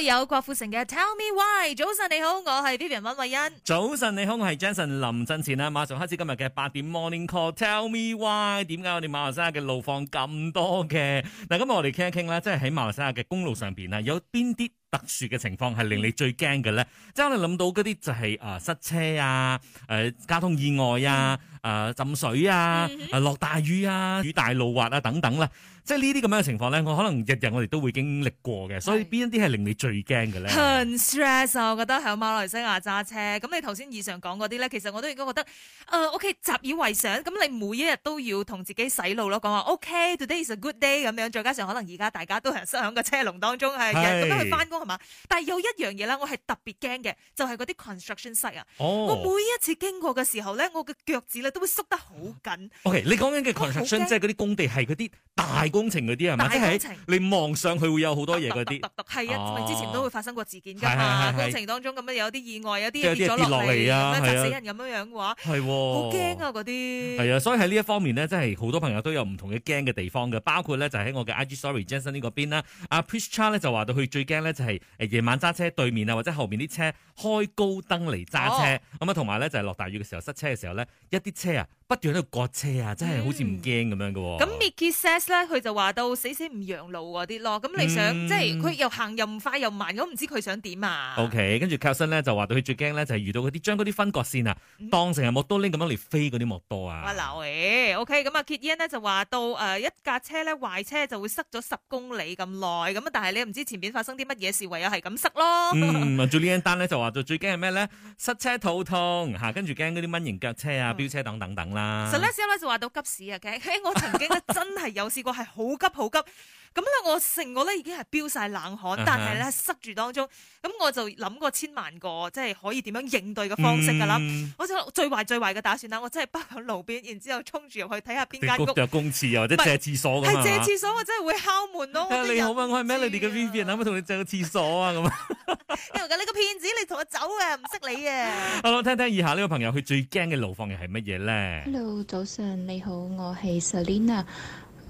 有郭富城嘅 Tell Me Why，早晨你好，我係 Vivian 文慧欣。早晨你好，我係 Jansen 林振前啊，馬上開始今日嘅八點 Morning Call，Tell Me Why，點解我哋馬來西亞嘅路況咁多嘅？嗱，今日我哋傾一傾啦，即係喺馬來西亞嘅公路上邊啊，有邊啲特殊嘅情況係令你最驚嘅咧，即係我哋諗到啲就係、是、啊、呃、塞車啊、誒、呃、交通意外啊、誒、嗯呃、浸水啊、誒落、嗯哼呃、大雨啊、雨大路滑啊等等啦，即係呢啲咁樣嘅情況咧，我可能日日我哋都會經歷過嘅，所以邊一啲係令你最驚嘅咧？好，stress 啊！我覺得響馬來西亞揸車咁你頭先以上講啲咧，其實我都已經覺得誒、呃、OK，習以為常。咁你每一日都要同自己洗腦咯，講話 OK today is a good day 咁樣再加上可能而家大家都係塞響個車龍當中係咁樣去翻工。但係有一樣嘢咧，我係特別驚嘅，就係嗰啲 construction site 啊！我每一次經過嘅時候咧，我嘅腳趾咧都會縮得好緊。OK，你講緊嘅 construction 即係嗰啲工地係嗰啲大工程嗰啲啊嘛？大工程，你望上去會有好多嘢嗰啲。特係啊！之前都會發生過事件㗎嘛？工程當中咁樣有啲意外，有啲跌落嚟啊，死人咁樣樣嘅話，係喎，好驚啊！嗰啲係啊，所以喺呢一方面咧，真係好多朋友都有唔同嘅驚嘅地方嘅，包括咧就喺我嘅 IG story Jason 呢個邊啦。阿 Picha 咧就話到佢最驚咧係誒，夜晚揸車對面啊，或者後面啲車開高燈嚟揸車，咁啊，同埋咧就係落大雨嘅時候，塞車嘅時候咧，一啲車啊，不斷喺度割車啊，真係好似唔驚咁樣嘅。咁 Mickey says 咧，佢就話到死死唔讓路嗰啲咯。咁你想，即係佢又行又唔快又慢，咁唔知佢想點啊？OK，跟住卡森咧就話到佢最驚咧就係遇到嗰啲將嗰啲分割線啊當成係木多拎咁樣嚟飛嗰啲摩托啊。哇流嘅，OK，咁啊，Kier 咧就話到誒一架車咧壞車就會塞咗十公里咁耐。咁啊，但係你又唔知前邊發生啲乜嘢事，唯有係咁塞咯。嗯，做呢樣單咧就話到最驚係咩咧？塞車肚痛吓，跟住驚嗰啲蚊型腳車啊、飆車等等等。上次咧就話到急屎啊，嘅，其實我曾經真係有試過係好急好急。咁咧，嗯、我成個咧已經係飆晒冷汗，但係咧塞住當中，咁我就諗過千萬個，即、就、係、是、可以點樣應對嘅方式噶啦。嗯、我就最壞最壞嘅打算啦，我真係趴響路邊，然之後衝住入去睇下邊間公廁、啊、或者借廁所、啊。係是借廁所、啊、吧所，我真係會敲門咯。你好啊，我係 Melody 嘅 Vivian 諗唔諗同你借個廁所啊？咁啊，ian, 你個騙子，你同我走啊？唔識你啊 ！Hello，聽聽以下呢個朋友，佢最驚嘅路況又係乜嘢咧？Hello，早上你好，我係 Selina。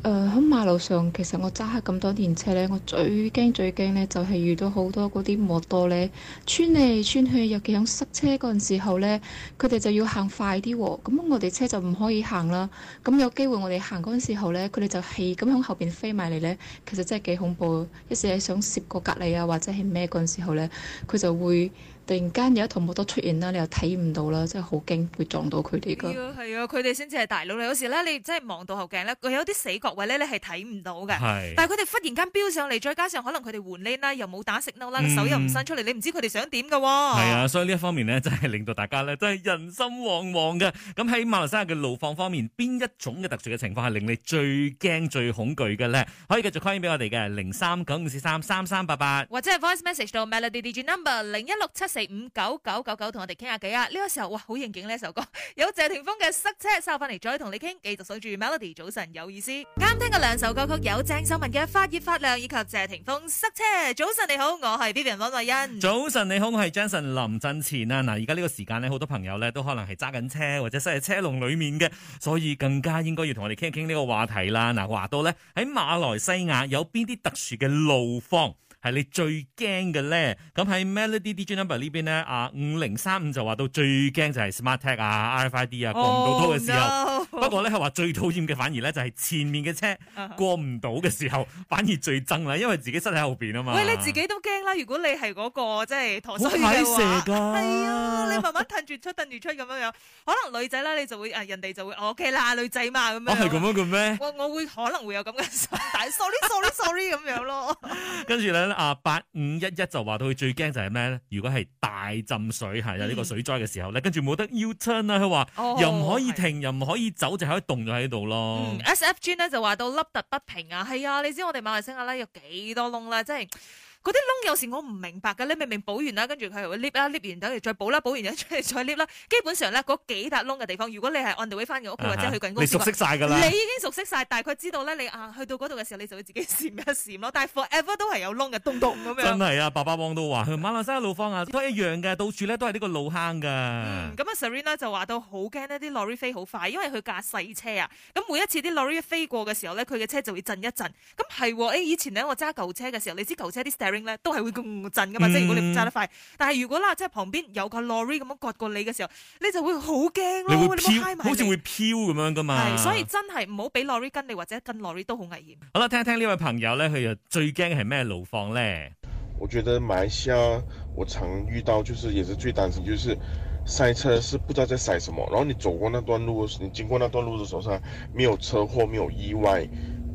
誒喺、uh, 馬路上，其實我揸咁多年車咧，我最驚最驚咧就係遇到好多嗰啲摩托咧，穿嚟穿去，尤其響塞車嗰陣時候咧，佢哋就要行快啲喎、哦，咁我哋車就唔可以行啦。咁有機會我哋行嗰陣時候咧，佢哋就係咁響後邊飛埋嚟咧，其實真係幾恐怖。一時係想涉過隔離啊，或者係咩嗰陣時候咧，佢就會。突然間有一同摩托出現啦，你又睇唔到啦，真係好驚，會撞到佢哋噶。係啊，係啊，佢哋先至係大佬。有時咧，你真係望到後鏡咧，佢有啲死角位咧，你係睇唔到嘅。係。但係佢哋忽然間飆上嚟，再加上可能佢哋換 lane 啦，又冇打 signal 啦，手又唔伸出嚟，你唔知佢哋想點嘅。係啊，所以呢一方面呢，真係令到大家咧，真係人心惶惶嘅。咁喺馬來西亞嘅路況方面，邊一種嘅特殊嘅情況係令你最驚最恐懼嘅咧？可以繼續 call 翻俾我哋嘅零三九五四三三三八八，或者係 voice message 到 Melody DJ number 零一六七四五九九九九同我哋傾下偈啊！呢、這個時候哇，好應景呢首歌， 有謝霆鋒嘅《塞車》收，收翻嚟，再同你傾。繼續守住 Melody，早晨有意思。啱聽嘅兩首歌曲有鄭秀文嘅《發熱發亮》以及謝霆鋒《塞車》早。早晨你好，我係 Vivian 溫惠恩。早晨你好，我係 Johnson 林振前啊！嗱，而家呢個時間呢，好多朋友咧都可能係揸緊車或者塞喺車龍裏面嘅，所以更加應該要同我哋傾一傾呢個話題啦！嗱，話到呢，喺馬來西亞有邊啲特殊嘅路況？係你最驚嘅咧，咁喺 Melody DJ Number 邊呢邊咧，啊五零三五就話到最驚就係 smart tag 啊、RFID 啊、哦、過唔到拖嘅時候，不，啊、不過咧係話最討厭嘅反而咧就係前面嘅車過唔到嘅時候，uh huh. 反而最憎啦，因為自己塞喺後邊啊嘛。喂，你自己都驚啦，如果你係嗰、嗰個即係陀車嘅話。好啊。慢慢褪住出，褪住出咁樣樣，可能女仔啦，你就會誒，人哋就會，O K 啦，女仔嘛咁樣。啊、樣我係咁樣嘅咩？我我會可能會有咁嘅心，但係 sorry sorry sorry 咁樣咯跟。跟住咧，阿八五一一就話到佢最驚就係咩咧？如果係大浸水，係啊呢個水災嘅時候咧，跟住冇得 U turn 啦，佢話、哦、又唔可以停，的又唔可以走，就可以凍咗喺度咯 S、嗯。 F G 咧就話到凹凸不平啊，係啊，你知我哋馬來西亞有幾多窿啦、啊，即係。嗰啲窿有時我唔明白㗎，你明明補完啦，跟住佢又會 lift 啦，lift 完等嚟再補啦，完補完又出嚟再 lift 啦。基本上咧嗰幾笪窿嘅地方，如果你係 on the way 返嘅屋企或者去緊公司，uh、huh, 你熟悉晒㗎啦，你已經熟悉晒，大概知道咧你啊去到嗰度嘅時候，你就會自己閃一閃咯。但係 forever 都係有窿嘅，咚咚咁 樣。真係啊，爸爸望到話馬鞍山嘅路況啊都 一樣嘅，到處咧都係呢個路坑㗎。咁啊、嗯、Sarina 就話到好驚呢啲 lorry 飛好快，因為佢架細車啊，咁每一次啲 lorry 飛過嘅時候咧，佢嘅車就會震一震。咁係喎，以前咧我揸舊車嘅時候，你知舊車啲都係會咁震噶嘛，即係、嗯、如果你唔揸得快，但係如果啦，即係旁邊有個 Lorry 咁樣割過你嘅時候，你就會好驚咯，你會飄，好似會飄咁樣噶嘛。係，所以真係唔好俾 Lorry 跟你或者跟 Lorry 都好危險。好啦，聽一聽呢位朋友咧，佢又最驚係咩路況咧？我覺得馬來西亞我常遇到，就是也是最擔心，就是塞車，是不知道在塞什麼。然後你走過那段路，你經過那段路嘅時候，上沒有車禍，沒有意外。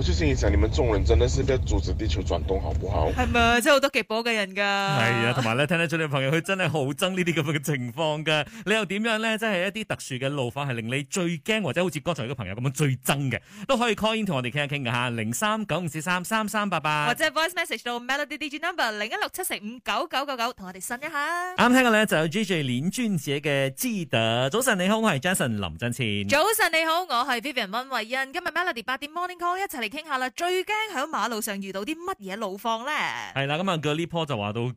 我最近想，你們眾人真的是要阻止地球轉動，好不好？係咪？真係好多極左嘅人噶。係啊，同埋咧，聽得出你朋友佢真係好憎呢啲咁嘅情況嘅。你又點樣咧？即係一啲特殊嘅路法，係令你最驚或者好似剛才嘅朋友咁樣最憎嘅，都可以 call in 同我哋傾一傾嘅吓，零三九五四三三三八八，或者 voice message 到 melody DJ number 零一六七四五九九九九，同我哋呻一下。啱聽嘅咧就有 JJ 連專姐嘅 z e 早晨你好，我係 Jason 林振前。早晨你好，我係 Vivian 溫慧欣。今日 Melody 八點 Morning Call 一齊嚟。聽下啦，最驚響馬路上遇到啲乜嘢路況咧？係啦，咁啊，佢呢波就話到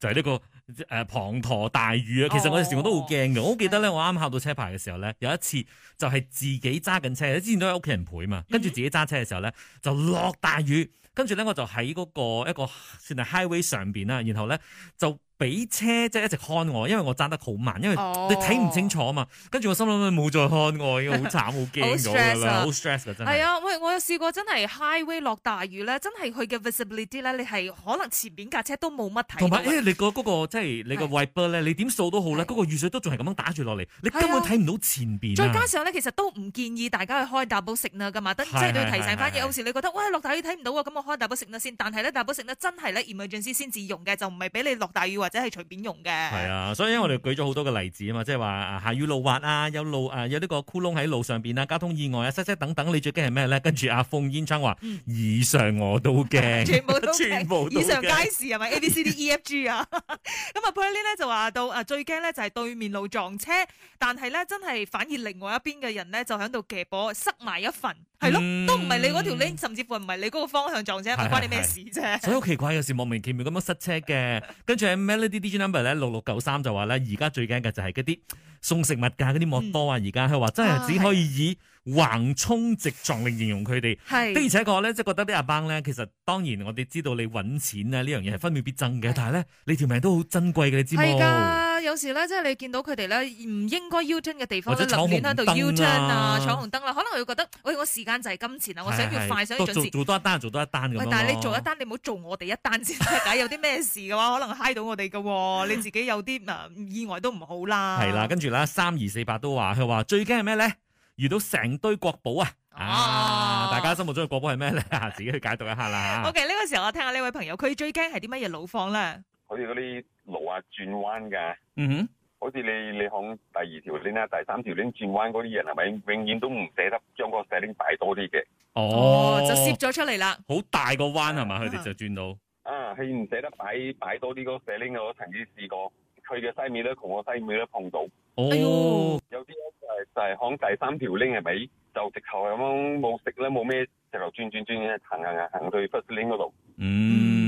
就係呢、這個誒滂沱大雨啊。其實時我以前、哦、我都好驚嘅，我好記得咧，的我啱考到車牌嘅時候咧，有一次就係自己揸緊車，之前都係屋企人陪嘛，跟住自己揸車嘅時候咧，嗯、就落大雨，跟住咧我就喺嗰、那個一個算係 highway 上邊啦，然後咧就。俾車即係一直看我，因為我揸得好慢，因為你睇唔清楚啊嘛。跟住我心諗冇再看我，已經好慘，好驚好 stress 係啊，喂，我有試過真係 highway 落大雨咧，真係佢嘅 visibility 咧，你係可能前邊架車都冇乜睇。同埋誒，你個嗰個即係你個 wiper 咧，你點掃都好咧，嗰個雨水都仲係咁樣打住落嚟，你根本睇唔到前邊。再加上咧，其實都唔建議大家去開 double signal 啦，噶嘛，即係都要提醒翻嘢。有時你覺得喂，落大雨睇唔到啊，咁我開 double signal 先，但係咧 double signal 真係咧，嚴謹措施先至用嘅，就唔係俾你落大雨。或者係隨便用嘅，係啊，所以因為我哋舉咗好多嘅例子啊嘛，即係話下雨路滑啊，有路誒、啊、有呢個窟窿喺路上邊啊，交通意外啊，塞車等等，你最驚係咩咧？跟住阿馮燕章話： 以上我都驚， 全部都驚，以上街市係咪？A B C D E F G 啊，咁啊，Polly 咧就話到啊，最驚咧就係對面路撞車，但係咧真係反而另外一邊嘅人咧就喺度夾波塞埋一份，係咯，嗯、都唔係你嗰條 link，甚至乎唔係你嗰個方向撞車，唔 關你咩事啫？所以好奇怪， 有時莫名其妙咁樣塞車嘅，跟住呢啲 d、G、number 咧，六六九三就話咧，而家最緊嘅就係嗰啲。送食物㗎嗰啲莫多啊！而家佢話真係只可以以橫衝直撞嚟形容佢哋，的而且確咧，即係覺得啲阿邦咧，其實當然我哋知道你揾錢啊呢樣嘢係分秒必爭嘅，但係咧你條命都好珍貴嘅，你知冇？係㗎，有時咧即係你見到佢哋咧唔應該 U turn 嘅地方，或者立亂喺度 U turn 啊，闖紅燈啦，可能我會覺得，喂我時間就係金錢啊，我想要快，想要準時。做多一單，做多一單嘅。喂，但係你做一單，你唔好做我哋一單先得㗎，有啲咩事嘅話，可能 high 到我哋嘅，你自己有啲誒意外都唔好啦。係啦，跟住。啦，三二四八都話佢話最驚係咩咧？遇到成堆國寶啊！啊，啊大家心目中嘅國寶係咩咧？ 自己去解讀一下啦。OK，呢個時候我聽下呢位朋友，佢最驚係啲乜嘢路況咧？好似嗰啲路啊，轉彎噶。嗯哼，好似你你向第二條 link 啊，第三條 link 轉彎嗰啲嘢，係咪永遠都唔捨得將個石 link 擺多啲嘅？哦，就攝咗出嚟啦。好大個彎係嘛？佢哋、嗯、哼就轉到啊，佢唔捨得擺擺多啲嗰石 link。我曾經試過，佢嘅西面咧同我西面都碰到。哎呦，有啲就係就係行第三條 link 係咪？就直頭係咁樣冇食啦，冇咩直頭轉轉轉嘅行行行到 First Link 嗰度。嗯。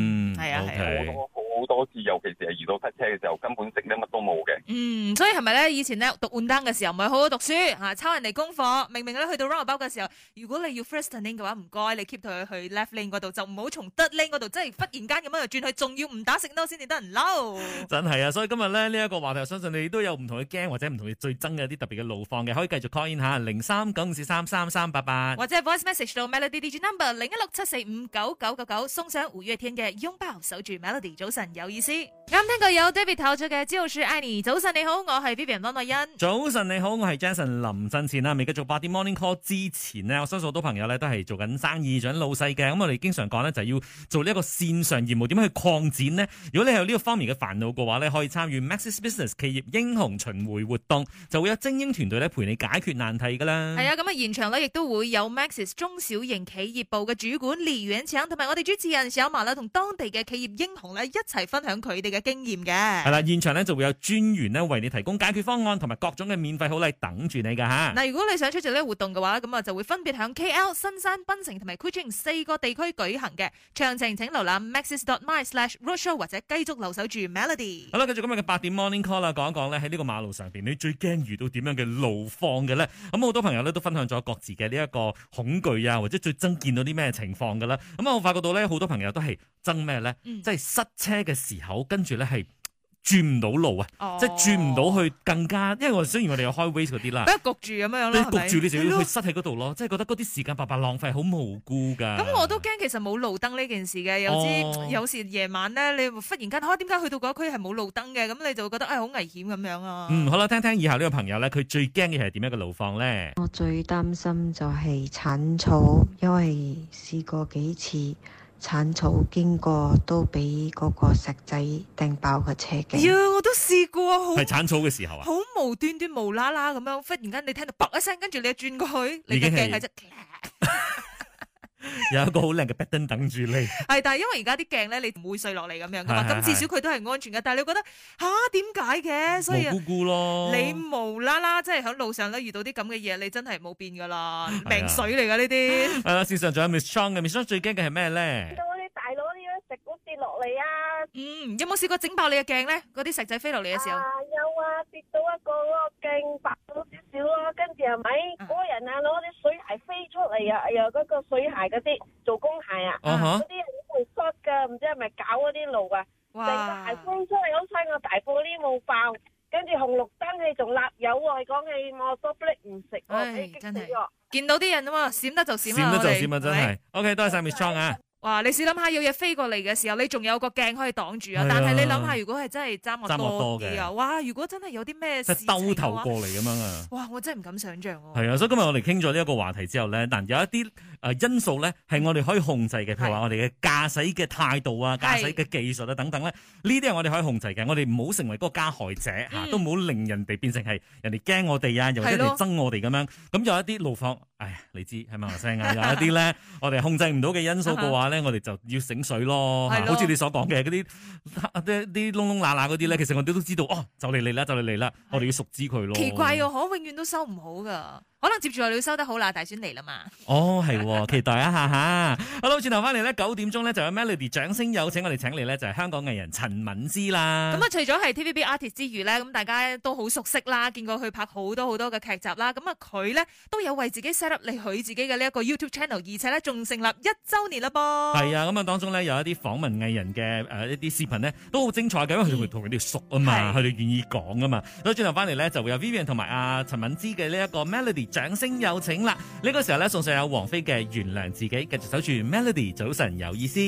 係啊，係啊，好多好多次，尤其是係遇到塞車嘅時候，根本識咧乜都冇嘅。嗯，所以係咪咧？以前咧讀 undang 嘅時候，唔係好好讀書吓，抄人哋功課。明明咧去到 roundabout 嘅時候，如果你要 first lane 嘅話，唔該，你 keep 住去 left lane 嗰度，就唔好從 de lane 嗰度，即係忽然間咁樣又轉去，仲要唔打直燈先至得人嬲。真係啊！所以今日咧呢一個話題，我相信你都有唔同嘅驚或者唔同嘅最憎嘅一啲特別嘅路況嘅，可以繼續 call in 吓零三九五四三三三八八，或者 voice message 到 Melody DJ number 零一六七四五九九九九，送上五月天嘅擁抱。守住 melody，早晨有意思。啱、嗯、聽過有 David 透出嘅招數，Annie，早晨你好，我係 Vivian 方麗欣。早晨你好，我係 Jason 林振前啊！未繼續八點 morning call 之前咧，我相信好多朋友咧都係做緊生意、做緊老細嘅。咁、嗯、我哋經常講咧，就係要做呢一個線上業務，點樣去擴展咧？如果你有呢個方面嘅煩惱嘅話咧，可以參與 Maxis Business 企業英雄巡迴活動，就會有精英團隊咧陪你解決難題噶啦。係啊，咁啊現場咧亦都會有 Maxis 中小型企業部嘅主管李遠強同埋我哋主持人小麻啦，同當地嘅。企業英雄咧一齊分享佢哋嘅經驗嘅，係啦，現場咧就會有專員咧為你提供解決方案，同埋各種嘅免費好禮等住你噶吓。嗱，如果你想出席呢個活動嘅話，咁啊就會分別響 KL、新山、檳城同埋古晉四個地區舉行嘅。詳情請瀏覽 maxis.my/roadshow 或者繼續留守住 melody。好啦，繼續今日嘅八點 morning call 啦，講一講咧喺呢個馬路上面，你最驚遇到點樣嘅路況嘅咧？咁、嗯、好多朋友咧都分享咗各自嘅呢一個恐懼啊，或者最憎見到啲咩情況嘅咧？咁、嗯、啊，我發覺到咧好多朋友都係。爭咩咧？嗯、即係塞車嘅時候，跟住咧係轉唔到路啊！哦、即係轉唔到去更加，因為我雖然我哋有開 highway 嗰啲啦，即係焗住咁樣樣你焗住，你就要去塞喺嗰度咯。的即係覺得嗰啲時間白白浪費，好無辜噶。咁我都驚，其實冇路燈呢件事嘅，有啲、哦、有時夜晚咧，你忽然間，哎，點解去到嗰區係冇路燈嘅？咁你就會覺得，哎，好危險咁樣啊！嗯，好啦，聽聽以下呢個朋友咧，佢最驚嘅係點樣嘅路況咧？我最擔心就係鏟草，因為試過幾次。鏟草經過都俾嗰個石仔掟爆個車鏡。哎、呀，我都試過，好係鏟草嘅時候啊，好無端端、無啦啦咁樣，忽然間你聽到卜一聲，跟住你又轉過去，你一驚嘅啫。 有一個好靚嘅壁燈等住你，係但係因為而家啲鏡咧，你唔會碎落嚟咁樣噶嘛，咁至少佢都係安全嘅。但係你覺得吓點解嘅？所以啊，蘑菇咯，你無啦啦即係喺路上咧遇到啲咁嘅嘢，你真係冇變噶啦，命水嚟噶呢啲。係啦，事實上仲有 Miss Chang 嘅，Miss Chang 最驚嘅係咩咧？見到啲大佬啲咩石鼓跌落嚟啊！嗯，有冇試過整爆你嘅鏡咧？嗰啲石仔飛落嚟嘅時候。有啊，跌到一個個鏡白咗少少。又又嗰個水鞋嗰啲做工鞋啊，嗰啲好會塞噶，唔知係咪搞嗰啲路啊，成個鞋靴都係好細個，大波啲冇爆，跟住紅綠燈佢仲立油喎，講起我都唔食，唉，真係見到啲人啊嘛，閃得就閃得就閃得真係，OK 多謝晒 Mitchie 啊。哇！你試諗下，有嘢飛過嚟嘅時候，你仲有個鏡可以擋住啊！但係你諗下，如果係真係揸摩多嘅哇！如果真係有啲咩事嘅兜頭過嚟咁樣啊！哇！我真係唔敢想象喎、啊。係啊，所以今日我哋傾咗呢一個話題之後咧，嗱有一啲誒因素咧係我哋可以控制嘅，譬如話我哋嘅駕駛嘅態度啊、駕駛嘅技術啊等等咧，呢啲係我哋可以控制嘅。我哋唔好成為嗰個加害者嚇，嗯、都唔好令人哋變成係人哋驚我哋啊，又或者係憎我哋咁樣。咁的有一啲路況，唉，你知係咪話聲啊？ 有一啲咧，我哋控制唔到嘅因素嘅話。 咧我哋就要醒水咯，對咯好似你所講嘅嗰啲啲窿窿罅罅嗰啲咧，其實我哋都知道，哦，就嚟嚟啦，就嚟嚟啦，的我哋要熟知佢咯。奇怪哦，我可永遠都收唔好㗎。可能接住我要收得好啦，大選嚟啦嘛。哦，係，期待一下下。好啦，轉頭翻嚟咧，九點鐘咧就有 Melody，掌聲有請我哋請嚟咧，就係香港藝人陳敏之啦。咁啊，除咗係 TVB artist 之餘咧，咁大家都好熟悉啦，見過佢拍好多好多嘅劇集啦。咁啊，佢咧都有為自己 set up 嚟佢自己嘅呢一個 YouTube channel，而且咧仲成立一周年啦噃。係啊，咁啊當中咧有一啲訪問藝人嘅誒一啲視頻咧都好精彩嘅，因為同佢哋熟啊嘛，佢哋願意講啊嘛。咁啊轉頭翻嚟咧就會有 Vivian 同埋阿陳敏之嘅呢一個 Melody。掌聲有請啦！呢個時候咧，送上有王菲嘅《原諒自己》，繼續守住 Melody，早晨有意思。